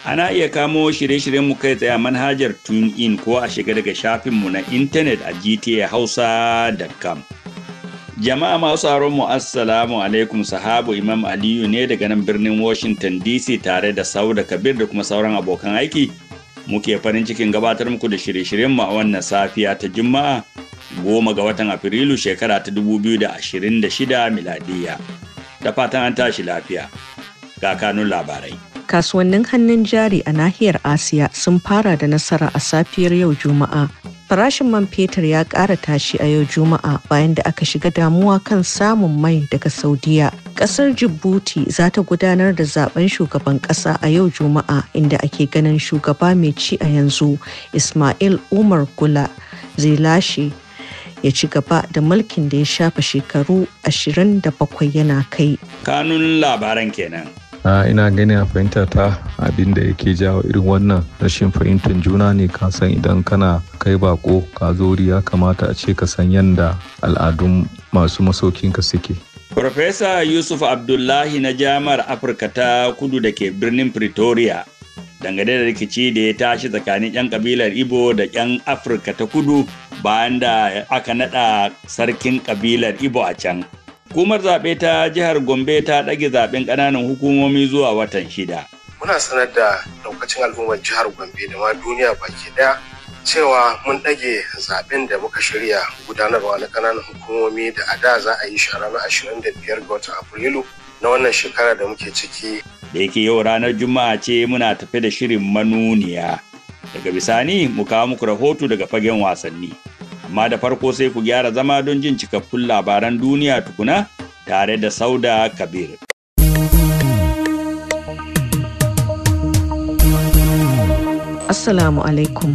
Ana iya kamo shirye-shiryenmu kai tsaye a manhajar TuneIn ko a shiga daga shafinmu na intanet a gtahausa.com. Jama'a masu mu assalamu alaikum sahabu Imam Aliyu ne daga nan birnin Washington DC tare da Sauda Kabir da kuma sauran abokan aiki. Muke farin cikin gabatar muku da shirye-shiryenmu a wannan safiya ta Juma'a goma ga watan Afrilu shekara ta 2026 miladiya. Da fatan an tashi lafiya. Ga kanun labarai. kasuwannin hannun jari a nahiyar asiya sun fara da nasara a safiyar yau juma'a farashin man fetur ya ƙara tashi a yau juma'a bayan da aka shiga damuwa kan samun mai daga saudiya ƙasar jibuti za ta gudanar da zaben shugaban ƙasa a yau juma'a inda ake ganin shugaba mai ci a yanzu ismail umar gula zai lashe ya ci gaba da mulkin da ya shafa shekaru 27 yana kai kanun labaran kenan ina gani a fahimta ta abin da yake jawo irin wannan rashin fahimtar juna ne ka san idan kana kai bako ka zori ya kamata a ce ka san yanda al'adun masu masaukinka suke Profesa Yusuf Abdullahi na Jami'ar Afirka ta Kudu da ke birnin Pretoria dangane da rikici da ya tashi tsakanin 'yan kabilar Ibo da 'yan Afirka ta Kudu bayan da aka nada sarkin kabilar Ibo a can. Hukumar zaɓe ta jihar Gombe ta ɗage zaɓen ƙananan hukumomi zuwa watan shida. Muna sanar da lokacin al'ummar jihar Gombe da ma duniya baki ɗaya cewa mun ɗage zaɓen da muka shirya gudanarwa na ƙananan hukumomi da a da za a yi shi a ranar biyar ga watan Afrilu na wannan shekara da muke ciki. Da yake yau ranar Juma'a ce muna tafe da shirin manuniya. Daga bisani mu kawo muku rahoto daga fagen wasanni. amma da farko sai ku gyara zama don jin cikakkun labaran duniya tukuna tare da sauda kabir assalamu alaikum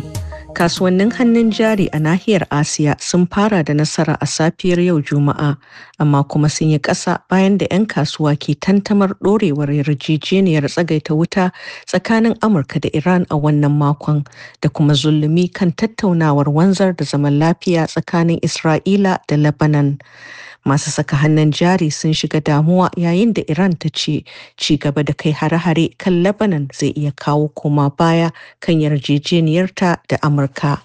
Kasuwannin hannun jari a nahiyar Asiya sun fara da nasara a safiyar yau Juma'a, amma kuma sun yi ƙasa bayan da 'yan kasuwa ke tantamar ɗorewar yarjejeniyar tsagaita wuta tsakanin Amurka da Iran a wannan makon, da kuma zulumi kan tattaunawar wanzar da zaman lafiya tsakanin Isra'ila da Lebanon. masu saka hannun jari sun shiga damuwa yayin da iran ta ce ci gaba da kai hare-hare kan lebanon zai iya kawo koma baya kan yarjejeniyarta da amurka Amurka.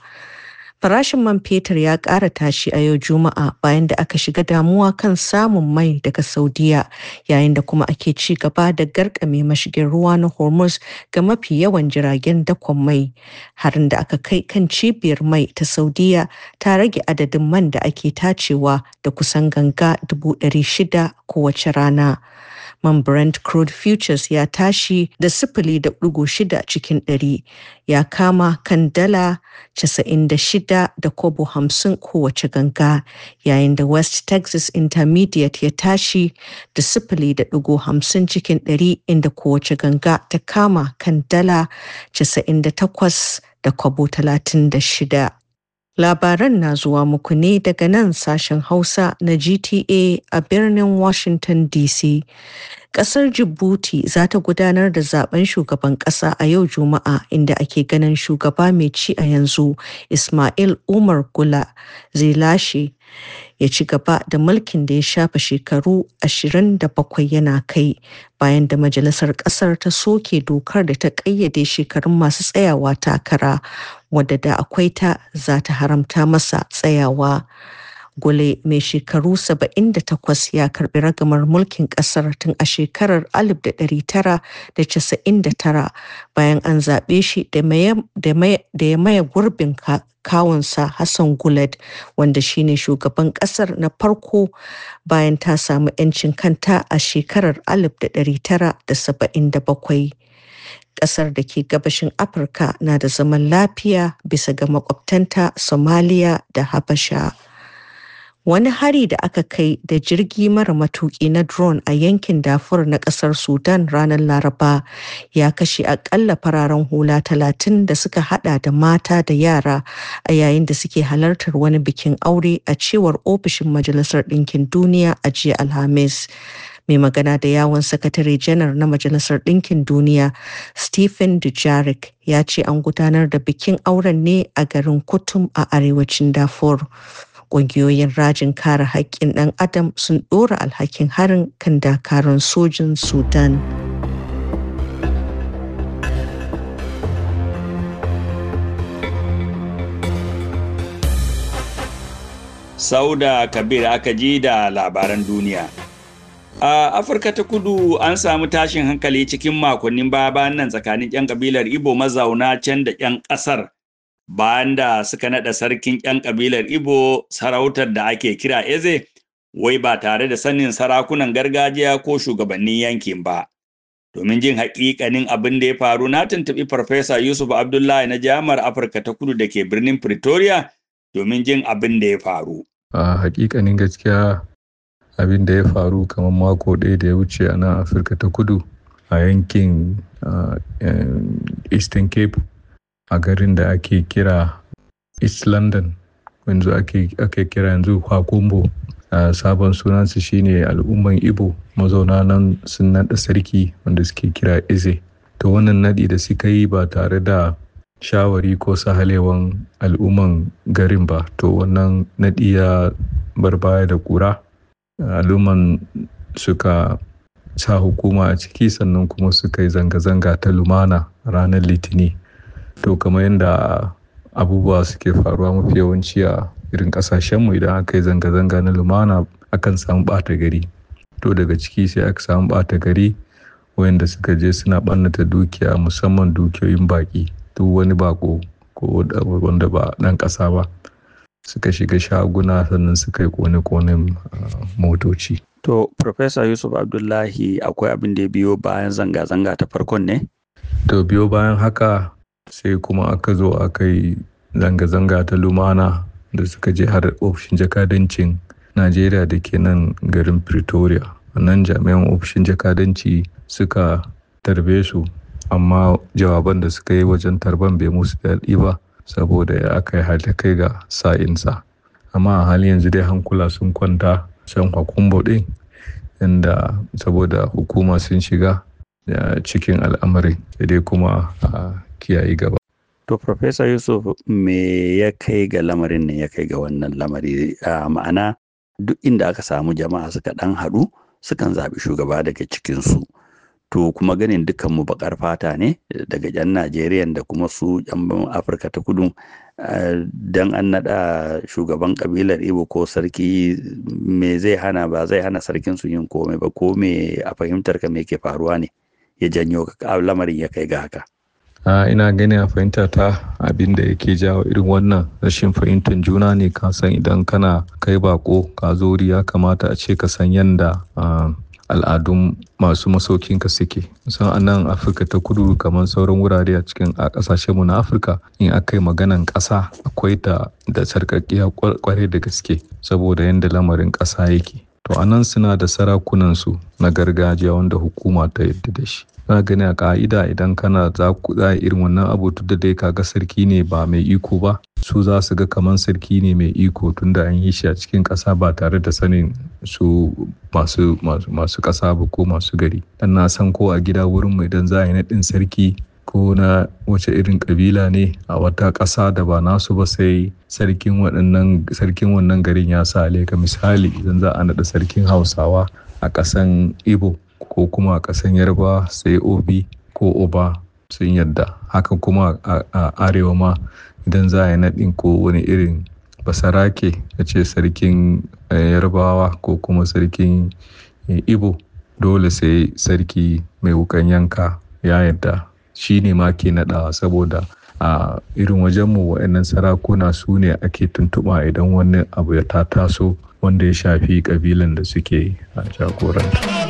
Farashin man fetur ya ƙara tashi a yau Juma'a bayan da aka shiga damuwa kan samun mai daga Saudiya yayin da kuma ake ci gaba da garƙame mashigin ruwa na Hormuz ga mafi yawan jiragen dakon mai. Harin da aka kai kan cibiyar mai ta Saudiya ta rage adadin man da ake tacewa da kusan ganga 600 kowace rana. man Brent crude futures ya tashi da sifili da ɗigo shida cikin ɗari ya kama kan dala casa'in da shida da kobo hamsin kowace ganga yayin da West Texas Intermediate ya tashi da sifili da ɗigo hamsin cikin ɗari inda kowace ganga ta kama kan dala casa'in da takwas da kobo talatin da shida. Labaran na zuwa muku ne daga nan sashen Hausa na GTA a birnin Washington DC. ƙasar Djibouti za ta gudanar da zaɓen shugaban ƙasa a yau Juma'a inda ake ganin shugaba mai ci a yanzu Ismail Umar Gula zai lashe ya ci gaba da mulkin da ya shafe shekaru 27 yana kai bayan da majalisar kasar ta soke dokar da ta kayyade shekarun masu tsayawa takara wadda da akwai ta za ta haramta masa tsayawa. Gule mai shekaru 78 ya karbi ragamar mulkin kasar tun a shekarar 1999 bayan an zaɓe shi da ya maye gurbin kawunsa Hassan Guled wanda shine shugaban kasar na farko bayan ta samu 'yancin kanta a shekarar 1977. Ƙasar da ke gabashin Afirka na da zaman lafiya bisa ga makwabtanta Somalia da Habasha. wani hari da aka kai da jirgi mara matuki na drone a yankin dafur na kasar sudan ranar laraba ya kashe akalla fararen hula talatin da suka hada da mata da yara a yayin da suke halartar wani bikin aure a cewar ofishin majalisar ɗinkin duniya a jiya alhamis mai magana da yawon sakatare janar na majalisar ɗinkin duniya stephen dujarric ya ce an gudanar da bikin auren ne a garin kutum a arewacin darfur ƙungiyoyin rajin kare haƙƙin ɗan adam sun ɗora alhakin harin kan dakarun sojin sudan sauda kabir aka ji da labaran duniya a afirka ta kudu an samu tashin hankali cikin makonnin baya nan tsakanin 'yan kabilar ibo mazauna can da 'yan ƙasar bayan da suka naɗa sarkin ƴan ƙabilar Ibo sarautar da ake kira Eze, wai ba tare da sanin sarakunan gargajiya ko shugabannin yankin ba. Domin jin haƙiƙanin abin da ya faru na tuntuɓi Farfesa Yusuf Abdullahi na Jami'ar Afirka ta Kudu da ke birnin Pretoria domin jin abin da ya faru. A haƙiƙanin gaskiya abin da ya faru kamar mako ɗaya da ya wuce a nan Afirka ta Kudu a yankin Eastern Cape a garin da ake kira East London yanzu ake kira yanzu Kwakumbo sabon sunansu shine al'umman ibo mazauna nan sun naɗa sarki wanda suke kira Eze to wannan naɗi da suka yi ba tare da shawari ko sahalewan al'umman garin ba to wannan naɗi ya bar baya da kura al'umman suka sa hukuma a ciki sannan kuma suka yi zanga-zanga ta lumana ranar litini To kamar yadda abubuwa suke faruwa mafi yawanci a irin ƙasashenmu idan aka yi zanga-zanga na lumana akan samu ɓata gari. To daga ciki sai aka samu ɓata gari wayanda suka je suna ɓannata dukiya musamman dukiyoyin baƙi. Duk wani baƙo ko wanda ba ɗan ƙasa ba suka shiga shaguna sannan suka yi ƙone-ƙonen ah, motoci. To Professor Yusuf Abdullahi akwai abin da ya biyo bayan zanga-zanga ta farkon ne? To biyo bayan haka sai kuma aka zo aka yi zanga-zanga ta lumana da suka je har ofishin jakadancin najeriya da ke nan garin pretoria nan jami'an ofishin jakadanci suka tarbe su amma jawaban da suka yi wajen tarban bai musu daɗi ba saboda ya aka yi kai ga sa'insa amma a halin yanzu dai hankula sun kwanta can hukumbo ɗin inda saboda hukuma sun shiga eh, cikin al'amarin dai kuma a. Ah, kiyaye gaba. To, Profesa Yusuf me ya kai ga lamarin ne ya kai ga wannan lamari a ma'ana duk inda aka samu jama'a suka ɗan haɗu sukan zaɓi shugaba daga cikinsu. To kuma ganin mu baƙar fata ne daga 'yan Najeriya da kuma su 'yan Afirka ta kudu don an naɗa shugaban ƙabilar Ibo ko sarki me zai hana ba zai hana sarkin su yin komai ba ko me a fahimtar ka me ke faruwa ne ya janyo lamarin ya kai ga haka. ina ganin a fahimta ta abin da yake jawo irin wannan rashin fahimtar juna ne ka san idan kana kai bako ka wuri, ya kamata a ce ka san yadda al'adun masu masaukin ka suke san a nan afirka ta kudu kamar sauran wurare a cikin a kasashen mu na afirka in aka yi maganan ƙasa akwai ta da sarkakkiya kwarai da gaske saboda yadda lamarin ƙasa yake to a nan suna da sarakunansu na gargajiya wanda hukuma ta yadda da shi za gani a ka'ida idan kana za ku za irin wannan abu da dai ga sarki ne ba mai iko ba su za su ga kaman sarki ne mai iko tunda an yi shi a cikin ƙasa ba tare da sanin su masu masu ƙasa ba ko masu gari dan na san ko a gida wurin mu idan za a yi naɗin sarki ko na wace irin ƙabila ne a wata ƙasa da ba nasu ba sai sarkin waɗannan sarkin wannan garin ya sa leka misali idan za a naɗa sarkin hausawa a ƙasan ibo ko kuma a ƙasan yarba sai obi ko oba sun yadda haka kuma a arewa ma idan za a yi naɗin ko wani irin basarake a ce sarkin eh, yarbawa ko kuma sarkin eh, ibo dole sai sarki mai wukan yanka ya yadda shi ne ma ke naɗawa saboda a irin wajenmu waɗannan sarakuna su ne ake tuntuɓa idan wani abu ya ta taso wanda ya shafi ƙabilan da suke a jagoranta.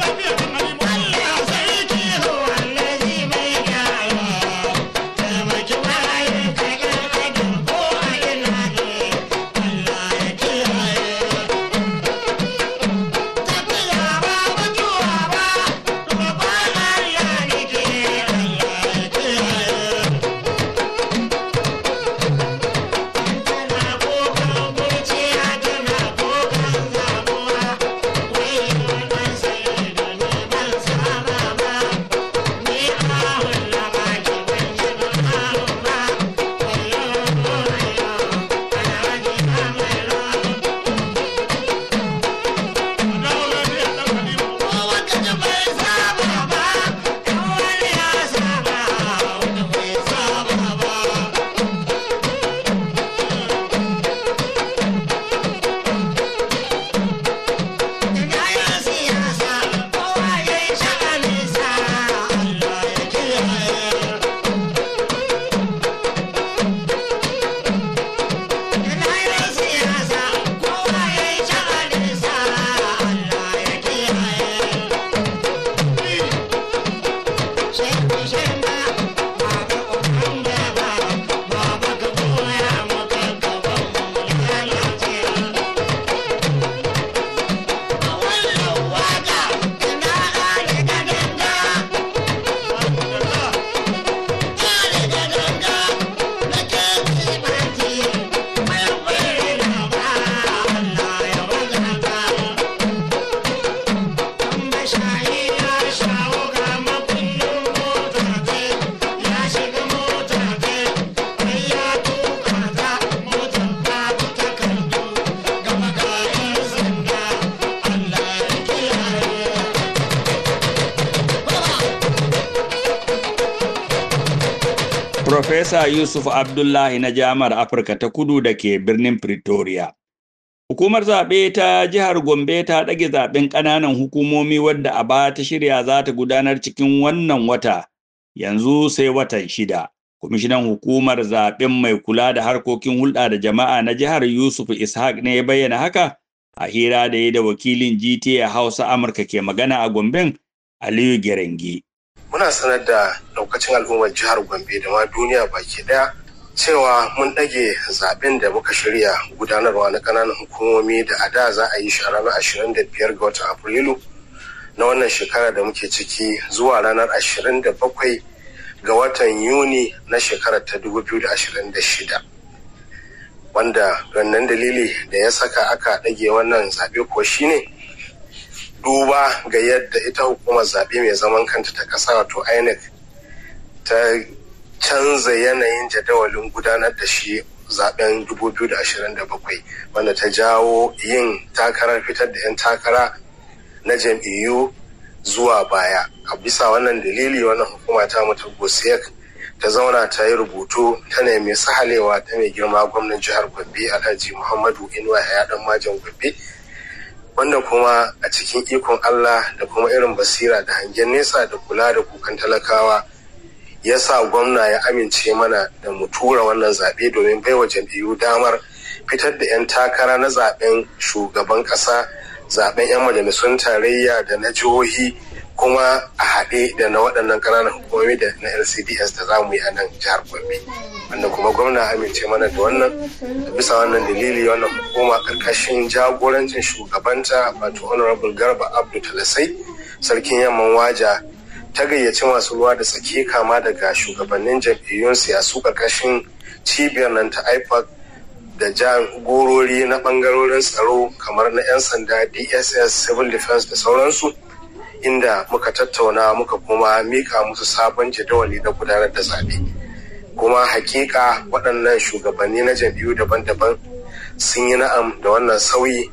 Farfesa Yusuf Abdullahi na Jami'ar Afirka ta Kudu da ke birnin Pretoria. Hukumar zaɓe ta jihar Gombe ta ɗage zaɓen ƙananan hukumomi wadda a ba ta shirya za ta gudanar cikin wannan wata, yanzu sai watan shida. Kwamishinan hukumar zaɓen mai kula da harkokin hulɗa da jama'a na jihar Yusuf Ishaq ne ya bayyana haka a hira da ya da wakilin GTA Hausa Amurka ke magana a Gomben Aliyu Gerengi. muna sanar da daukacin al'ummar jihar gombe da ma duniya baki daya cewa mun ɗage zaben da muka shirya gudanarwa na kananan hukumomi da a da za a yi shi a ranar 25 ga watan afrilu na wannan shekara da muke ciki zuwa ranar 27 ga watan yuni na shekarar ta 2026 wanda wannan dalili da ya saka aka ɗage wannan zaɓe ko shine duba ga yadda ita hukumar zaɓe mai zaman kanta ta ƙasa wato inec ta canza yanayin jadawalin gudanar da shi zaben 2027 wanda ta jawo yin takarar fitar da 'yan takara na jam'iyyu zuwa baya a bisa wannan dalili wannan hukuma ta mutu gosiyar ta zauna ta yi rubutu ta nemi sahalewa ta mai girma gwamnan jihar gombe alhaji muhammadu inuwa ya dan majan gombe wanda kuma a cikin ikon Allah da kuma irin basira da hangen nesa da kula da kukan talakawa ya sa gwamna ya amince mana da mu tura wannan zaɓe domin bai baiwa jam'iyyu damar fitar da 'yan takara na zaɓen shugaban ƙasa zaɓen 'yan majalisun tarayya da na jihohi kuma a haɗe da na waɗannan ƙananan hukumomi da na lcds da za mu yi a nan jihar gombe wanda kuma gwamna amince mana da wannan bisa wannan dalili wannan hukuma karkashin jagorancin shugabanta wato honorable garba abdu talasai sarkin yamman waja ta gayyaci masu ruwa da tsaki kama daga shugabannin jam'iyyun siyasu karkashin cibiyar nan ta ipac da jagorori na ɓangarorin tsaro kamar na 'yan sanda dss civil defense da sauransu inda muka tattauna muka kuma mika musu sabon jadawali na gudanar da zaɓe kuma hakika waɗannan shugabanni na jam'iyyu daban-daban sun yi na'am da wannan sauyi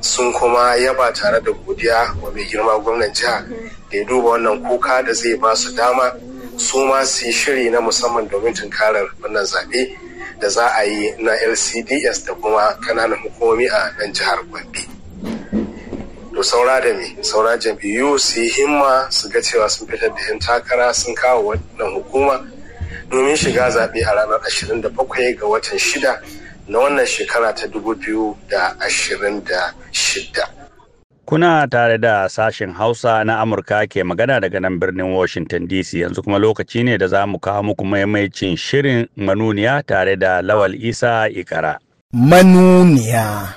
sun kuma yaba tare da godiya wa mai girma gwamnan jiha da ya duba wannan kuka da zai ba su dama su ma su yi shiri na musamman domin tunkarar wannan zaɓe da za a yi na lcds da kuma kananan hukumomi a nan jihar gombe saura da me saura jam'iyyu su yi himma su ga cewa sun fitar da yan takara sun kawo wannan hukuma domin shiga zaɓe a ranar 27 ga watan shida na wannan shekara ta 2026. Kuna tare da sashen Hausa na Amurka ke magana daga nan birnin Washington DC yanzu kuma lokaci ne da za mu kawo muku maimaicin shirin manuniya tare da Lawal Isa Ikara. Manuniya.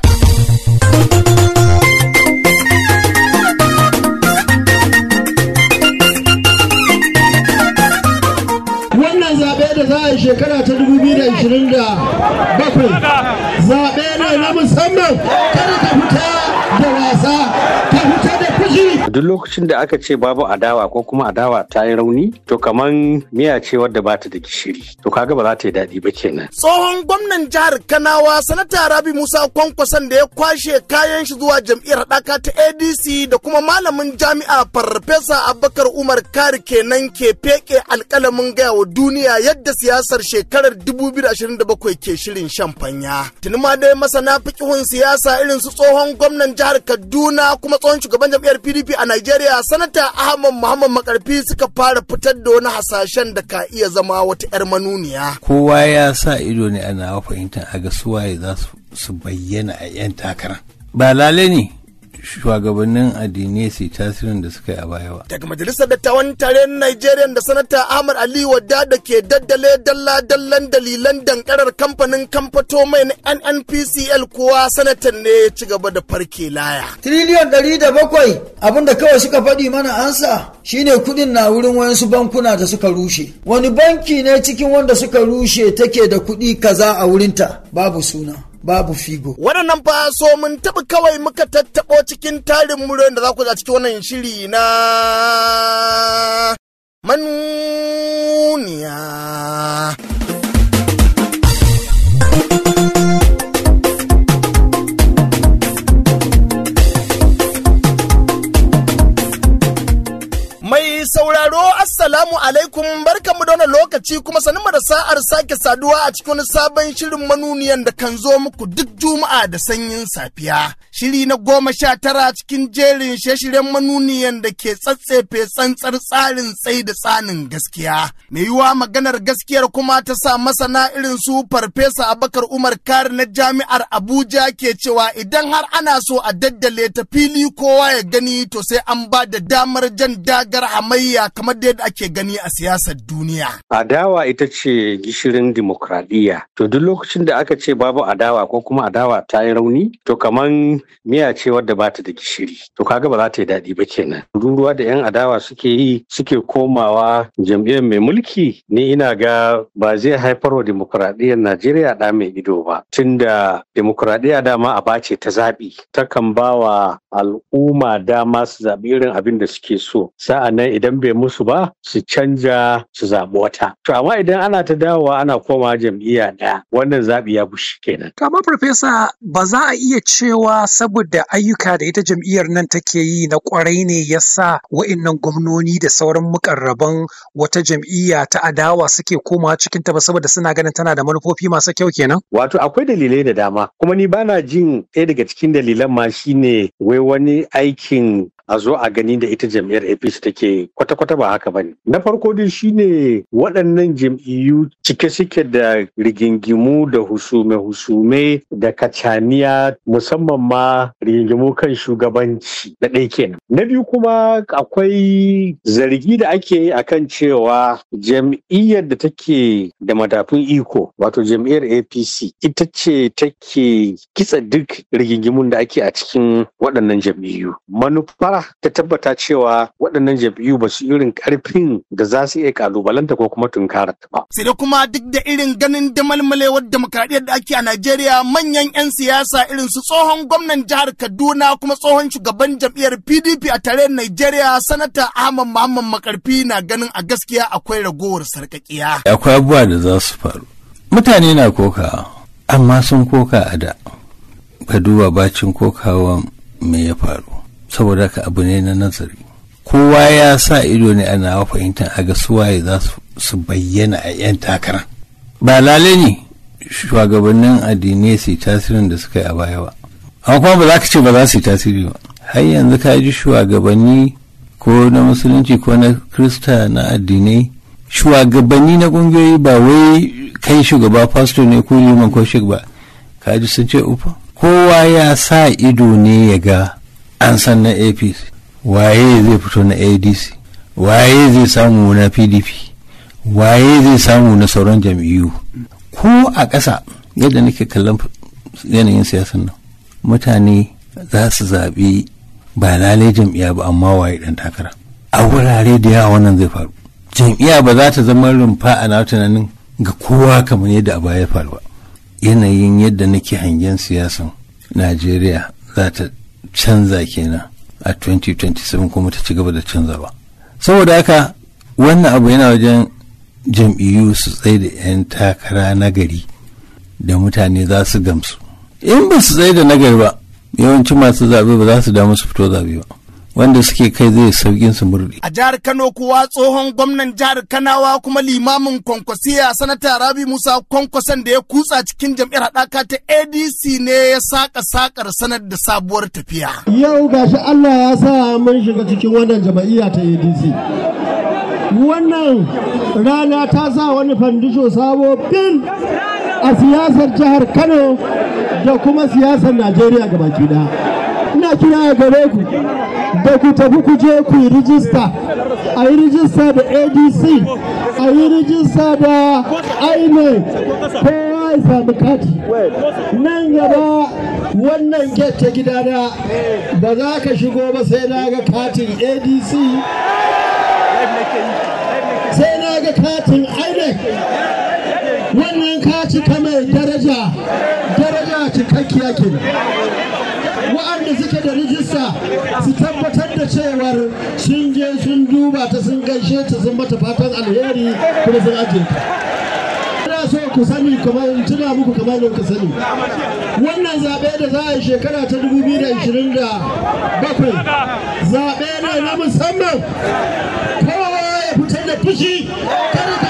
za a shekara ta 2027 zaɓe ne na musamman duk lokacin da aka ce babu adawa ko kuma adawa ta yi rauni to kaman miya ce wadda ba ta da gishiri to kaga ba za ta yi daɗi ba kenan. tsohon gwamnan jihar kanawa sanata rabi musa kwankwason da ya kwashe kayan shi zuwa jam'iyyar daka ta adc da kuma malamin jami'a farfesa abubakar umar kari kenan ke feke alkalamin gaya wa duniya yadda siyasar shekarar 2027 ke shirin shan fanya. tuni ma dai masana fikihun siyasa irin su tsohon gwamnan jihar kaduna kuma tsohon shugaban jam'iyyar pdp a Najeriya sanata Ahmad Muhammad Makarfi suka fara fitar da wani hasashen da ka iya zama wata 'yar manuniya. Kowa ya sa ido ne ana fahimta a ga suwaye za su bayyana a 'yan takara. Ba lale ne shugabannin addini su tasirin da suka yi a baya ba. Daga majalisar dattawan tarayyar Najeriya da sanata Ahmad Ali Wadda da ke daddale dalla-dallan dalilan dankarar kamfanin kamfato mai na NNPCL kuwa sanatan ne ya ci gaba da farke laya. Tiriliyan ɗari da bakwai da kawai suka faɗi mana ansa shine kuɗin na wurin wayansu bankuna da suka rushe. Wani banki ne cikin wanda suka rushe take da kuɗi kaza a wurinta babu suna. babu figo. Waɗannan fa so mun taɓa kawai muka tattaɓo cikin tarin muryoyin da za ku za cikin wannan shiri na manuniya. Mai sauraro Assalamu alaikum barka da wannan lokaci kuma sanin da sa'ar sake saduwa a cikin sabon shirin manuniyan da kan zo muku duk juma'a da sanyin safiya. Shiri na goma sha tara cikin jerin shirin shiryen manuniyan da ke tsatsefe tsantsar tsarin tsai da tsanin gaskiya. Mai yiwuwa maganar gaskiyar kuma ta sa masana irin su Farfesa Abakar Umar Kari na Jami'ar Abuja ke cewa idan har ana so a daddale ta fili kowa ya gani to sai an ba da damar jan daga gangar hamayya kamar da yadda ake gani a siyasar duniya. Adawa ita ce gishirin dimokuraɗiyya. To duk lokacin da aka ce babu adawa ko kuma adawa ta yi rauni, to kamar miya ce wadda ba ta da gishiri. To kaga ba za ta yi daɗi ba kenan. Ruruwa da 'yan adawa suke yi suke komawa jam'iyyar mai mulki ni ina ga ba zai haifar wa dimokuraɗiyyar Najeriya ɗa mai ido ba. Tunda dimokuraɗiyya dama a bace ta zaɓi. Takan ba wa al'umma dama su zaɓi irin abin da suke so. Sa'a nan idan bai musu ba su canja su zaɓi wata to amma idan ana ta dawowa ana koma jam'iyya ɗaya wannan zaɓi ya bushe kenan amma farfesa ba za a iya cewa saboda ayyuka da ita jam'iyyar nan take yi na kwarai ne ya yasa wa'innan gwamnoni da sauran mukarraban wata jam'iyya ta adawa suke komawa cikin ta ba saboda suna ganin tana da manufofi masu kyau kenan wato akwai dalilai da dama kuma ni bana jin ɗaya daga cikin dalilan ma shine wai wani aikin a zo a gani da ita jam'iyyar APC take kwata-kwata ba haka bane. Na farko dai shine waɗannan jam'iyyu cike suke da rigingimu da husume-husume da kacaniya musamman ma rigingimu kan shugabanci na ɗaya kenan. Na biyu kuma akwai zargi da ake yi akan cewa jam'iyyar da take da matafin iko wato jam'iyyar APC ita ce take kitsa duk rigingimun da ake a cikin waɗannan jam'iyyu. Manufar nasara ta tabbata cewa waɗannan jam'iyyu ba su irin ƙarfin da za su iya kalubalanta ko kuma tunkara ta ba. Sai da kuma duk da irin ganin damalmalewar demokradiyyar da ake a Najeriya manyan 'yan siyasa irin su tsohon gwamnan jihar Kaduna kuma tsohon shugaban jam'iyyar PDP a tare Najeriya sanata Ahmad Muhammad Makarfi na ganin a gaskiya akwai ragowar sarkakiya. Akwai abubuwa da za su faru. Mutane na koka amma sun koka a da. Ka duba bacin kokawa me ya faru. saboda ka abu ne na nazari kowa ya sa ido ne ana fahimtar a ga waye za su bayyana a 'yan takara ba lalai ne shugabannin addinai su tasirin da suka yi a baya ba amma kuma ba za ka ce ba za su yi tasiri ba har yanzu ka ji shugabanni ko na musulunci ko na krista na addinai shugabanni na kungiyoyi ba wai kai shugaba pastor ne ko liman ko ba ka ji sun ce ufa kowa ya sa ido ne ya ga an san na apc waye zai fito na adc waye zai samu na pdp waye zai samu na sauran jam'iyyu ko a ƙasa yadda nake kallon yanayin siyasan nan mutane za su zaɓi ba lalai jam'iyya ba amma waye ɗan takara a wurare da yawa wannan zai faru jam'iyya ba za ta zama rumfa a na tunanin ga kowa kamar yadda a baya faru ba yanayin yadda nake hangen siyasan najeriya za ta canza kenan a 2027 kuma ta ci gaba da canza ba saboda haka wannan abu yana wajen jam'iyyu su tsaye da 'yan takara nagari da mutane za su gamsu in ba su tsaye da nagari ba yawancin masu zaɓe ba za su damu su fito zaɓe ba wanda suke kai zai saukin su murɗe. A jihar Kano kuwa tsohon gwamnan jihar Kanawa kuma limamin kwankwasiya sanata Rabi Musa Kwankwasan da ya kutsa cikin jam'iyyar haɗaka ta ADC ne ya saka sakar sanar da sabuwar tafiya. Yau gashi Allah ya sa mun shiga cikin wannan jama'iyya ta ADC. wannan rana ta sa wani fandisho sabo bin a siyasar jihar kano da kuma siyasar najeriya gabaki daya ina kira gare ku da ku tafi ku je ku yi rijista a yi rijista da adc a yi rijista da aine kowa ya sami kati nan gaba wannan get ta gidana ba za ka shigo ba sai na ga katin adc sai na ga katin inec wannan kaci ta mai daraja daraja cikakkiya kenan waɗanda suke da rijista su tabbatar da cewar sun je sun duba ta sun gaishe ta sun mata fatan alheri kuma sun ajiye ta ina so ku sani kuma in tuna muku kamar ku sani wannan zaɓe da za a yi shekara ta 2027 zaɓe ne na musamman kowa ya fitar da fushi kada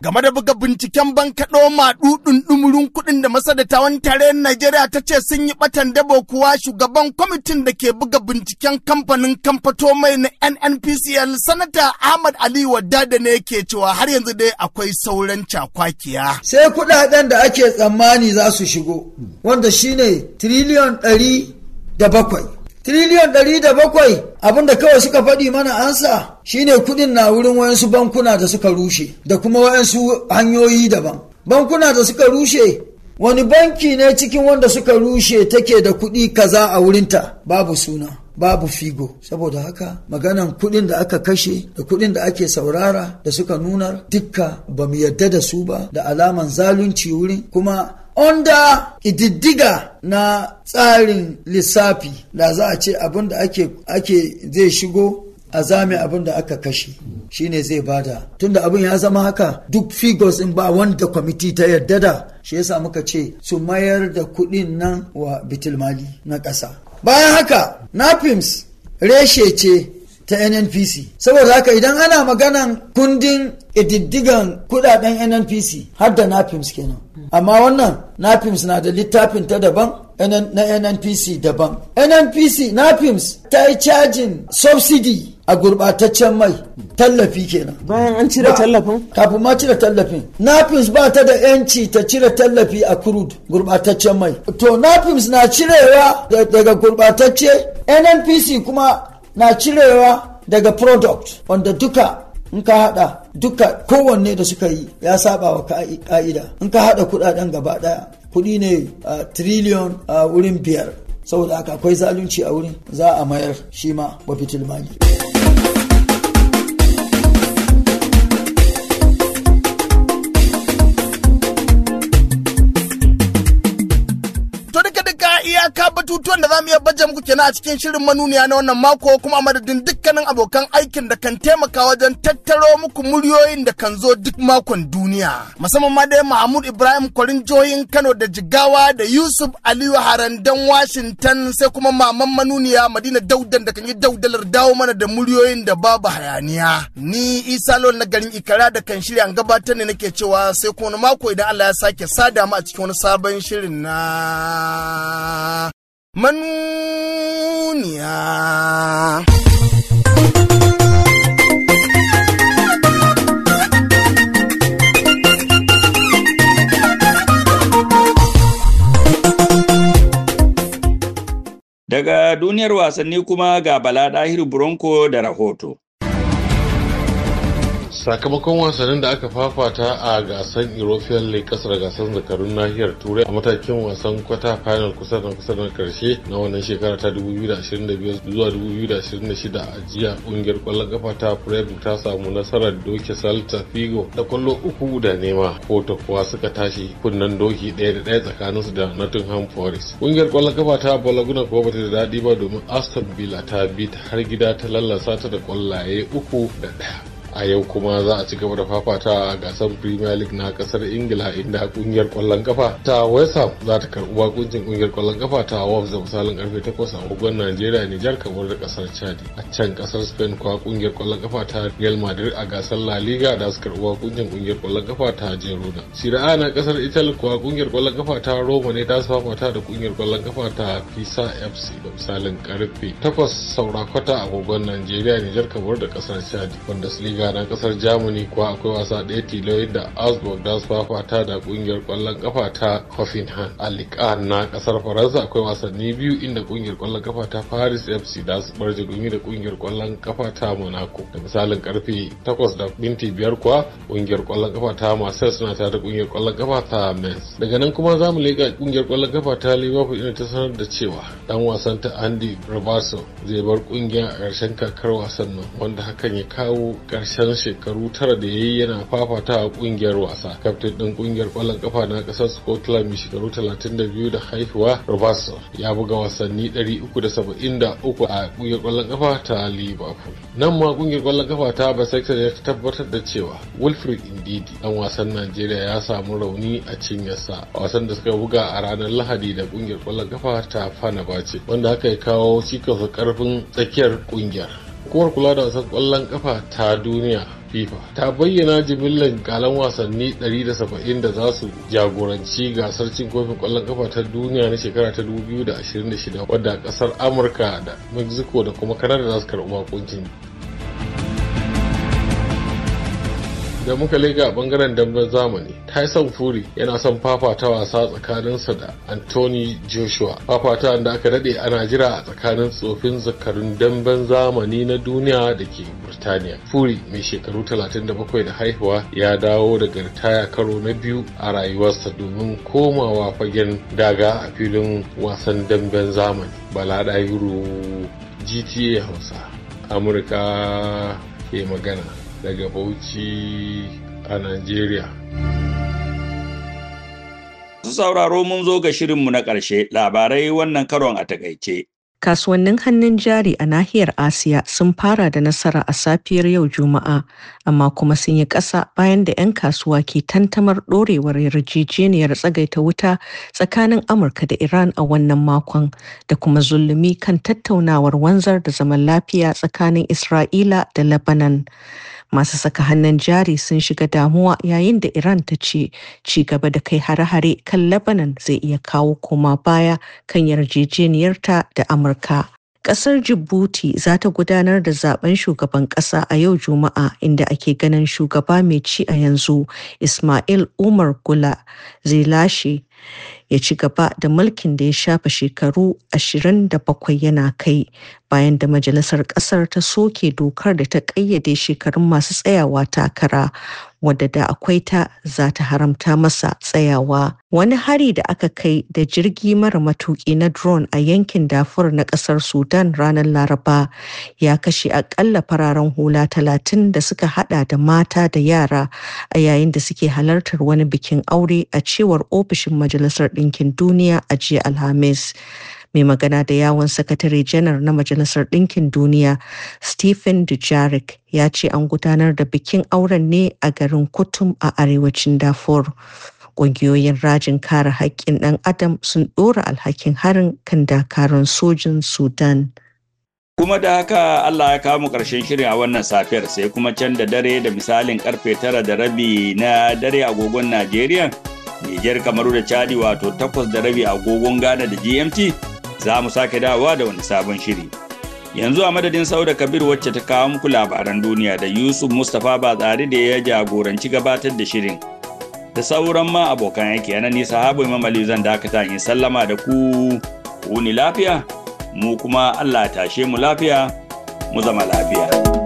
game da buga binciken bankaɗo dudun ɗumurin kuɗin da tawan tare Najeriya ta ce sun yi batan dabo kuwa shugaban kwamitin da ke buga binciken kamfanin kamfato mai na NNPCL sanata Ahmad Ali wadda da ne ke cewa har yanzu dai akwai sauran cakwakiya. Sai kudaden da ake tsammani za su shigo wanda shine tiriliyon ɗari da bakwai. Triliyon ɗari da bakwai abinda kawai suka faɗi mana ansa shine kuɗin na wurin wayansu bankuna da suka rushe da kuma wayansu hanyoyi daban. Bankuna da suka rushe wani banki ne cikin wanda suka rushe take da kuɗi kaza a wurinta babu suna. babu figo saboda haka maganan kuɗin da aka kashe da kuɗin da ake saurara da suka nunar dukka ba mu yadda da su ba da alaman zalunci wurin kuma onda ƙididdiga na tsarin lissafi da za a ce abin da ake, zai shigo a zame abin da aka kashe shine zai bada tunda abin ya zama haka duk figures in ba wanda kwamiti ta yarda da shi yasa muka ce su mayar da kuɗin nan wa bitilmali na ƙasa bayan haka nafims reshe ce ta nnpc saboda haka idan ana maganan kundin ididdigan kudaden nnpc har da napims kenan amma wannan napims na da littafin ta daban na nnpc daban nnpc napims ta yi cajin subsidy a gurbataccen mai tallafi kenan bayan an cire tallafin kafin ma cire tallafin napims ba ta da yanci ta cire tallafi a crude gurbataccen mai to napims na cirewa daga gurbatacce nnpc kuma na cirewa daga product wanda duka in ka hada duka kowanne da suka yi ya saba wa ka'ida in ka hada kudaden gaba daya kudi ne a triliyon a wurin biyar saboda haka akwai zalunci a wurin za a mayar shi ma wa fitil ka batutuwan da za mu iya baje muku kenan a cikin shirin manuniya na wannan mako kuma a madadin dukkanin abokan aikin da kan taimaka wajen tattaro muku muryoyin da kan zo duk makon duniya. Musamman ma dai Mahmud Ibrahim Kwarin jihohin Kano da Jigawa da Yusuf Aliyu Harandan Washington sai kuma maman manuniya Madina Daudan da kan yi daudalar dawo mana da muryoyin da babu hayaniya. Ni Isa Lon na garin Ikara da kan shirya gabatar ne nake cewa sai kuma mako idan Allah ya sake sada mu a cikin wani sabon shirin na manuniya. Daga duniyar wasanni kuma ga Bala ɗahir Bronco da rahoto. sakamakon wasannin da aka fafata a gasar european league kasar gasar zakarun nahiyar turai a matakin wasan kwata final kusa da kusa da karshe na wannan shekara ta 2025 zuwa 2026 a jiya kungiyar kwallon kafa ta prep ta samu nasarar doke salta figo da kwallo uku da nema ta kuwa suka tashi kunnen doki ɗaya da ɗaya tsakanin su da nottingham forest kungiyar kwallon kafa ta balaguna kuwa bata da daɗi ba domin aston villa ta bi ta har gida ta lallasa ta da kwallaye uku da ɗaya a yau kuma za a ci gaba da fafata a gasar premier league na kasar ingila inda kungiyar kwallon kafa ta west ham za ta karbi bakuncin kungiyar kwallon kafa ta wolves da misalin karfe 8 agogon najeriya nijar kamar da kasar chad a can kasar spain kuwa kungiyar kwallon kafa ta real madrid a gasar la liga da su karbi bakuncin kungiyar kwallon kafa ta girona sira na kasar italy kuwa kungiyar kwallon kafa ta roma ne ta su fafata da kungiyar kwallon kafa ta pisa fc da misalin karfe 8 saura kwata agogon najeriya nijar kamar da kasar chad wanda liga na kasar germany kuwa akwai wasa ɗaya tilo da augsburg da su da kungiyar kwallon kafa ta hoffenheim a likan na kasar faransa akwai wasanni biyu inda kungiyar kwallon kafa ta paris fc da su barje gumi da kungiyar kwallon kafa ta monaco da misalin karfe 8 da minti biyar kuwa kungiyar kwallon kafa ta marseille suna ta da kungiyar kwallon kafa ta mens daga nan kuma za mu leƙa kungiyar kwallon kafa ta liverpool inda ta sanar da cewa dan wasan ta andy robertson zai bar kungiyar a karshen kakar wasan nan wanda hakan ya kawo ƙarshen karshen shekaru tara da ya yi yana fafata a kungiyar wasa kaftin din kungiyar kwallon kafa na kasar scotland mai shekaru 32 da haihuwa robertson ya buga wasanni 373 a kungiyar kwallon kafa ta liverpool nan ma kungiyar kwallon kafa ta basakta ya tabbatar da cewa wilfred indidi dan wasan najeriya ya samu rauni a cinyarsa a wasan da suka buga a ranar lahadi da kungiyar kwallon kafa ta fana bace, wanda haka ya kawo cikas karfin tsakiyar kungiyar hukumar kula da wasan kwallon kafa ta duniya fifa ta bayyana jimillar kalan wasanni 170 da za su jagoranci gasar cin kofin kwallon kafa ta duniya na shekara ta 2026 wadda kasar amurka da mexico da kuma kanada za su karɓi makuncin da muka lega bangaren damben zamani tyson fury yana son fafata wasa tsakaninsa da anthony joshua fafata da aka daɗe ana jira a tsakanin tsofin zakarun damben zamani na duniya da ke birtaniya fury mai shekaru 37 da haihuwa ya dawo daga ritaya karo na biyu a rayuwarsa domin komawa fagen daga a filin wasan damben zamani bala yuro gta hausa amurka ke magana daga Bauchi a Najeriya. Su sauraro mun zo ga shirinmu na ƙarshe labarai wannan karon a takaice. Kasuwannin hannun jari a nahiyar Asiya sun fara da nasara a safiyar yau Juma'a, amma kuma sun yi ƙasa bayan da 'yan kasuwa ke tantamar ɗorewar yarjejeniyar tsagaita wuta tsakanin Amurka da Iran a wannan makon da kuma zulumi kan tattaunawar wanzar da zaman lafiya tsakanin Isra'ila da Lebanon. masu saka hannun jari sun shiga damuwa yayin da iran ta ce ci gaba da kai hare-hare kan lebanon zai iya kawo koma baya kan yarjejeniyarta da amurka Ƙasar Djibouti za ta gudanar da zaben shugaban ƙasa a yau Juma'a inda ake ganin shugaba mai ci a yanzu Ismail Umar Gula zai lashe ya ci gaba da mulkin da ya shafa shekaru 27 yana kai bayan da majalisar kasar ta soke dokar da ta kayyade shekarun masu tsayawa takara wadda da akwai ta za ta haramta masa tsayawa. Wani hari da aka kai da jirgi mara matuƙi na drone a yankin dafur na ƙasar Sudan ranar Laraba ya kashe aƙalla fararen hula talatin da suka haɗa da mata da yara a yayin da suke halartar wani bikin aure a cewar ofishin Majalisar Ɗinkin Duniya a jiya Alhamis. mai magana da yawon sakatare janar na majalisar ɗinkin duniya stephen dujarric ya ce an gudanar da bikin auren ne a garin kutum a arewacin dafor ƙungiyoyin rajin kare haƙƙin ɗan adam sun ɗora alhakin harin kan dakarun sojin sudan kuma da haka allah ya kawo mu ƙarshen shirin a wannan safiyar sai kuma can da dare da misalin karfe tara da rabi na dare agogon najeriya Nijar Kamaru da Chadi wato takwas da rabi agogon Ghana da GMT za mu sake dawowa da wani sabon shiri. Yanzu a madadin Sauda Kabir wacce ta kawo muku labaran duniya da Yusuf Mustapha ba tsari da ya jagoranci gabatar da shirin. Da sauran ma abokan aiki yana nisa ni sahabu zan dakata in sallama da ku ku ni lafiya mu kuma Allah tashe mu lafiya mu zama lafiya.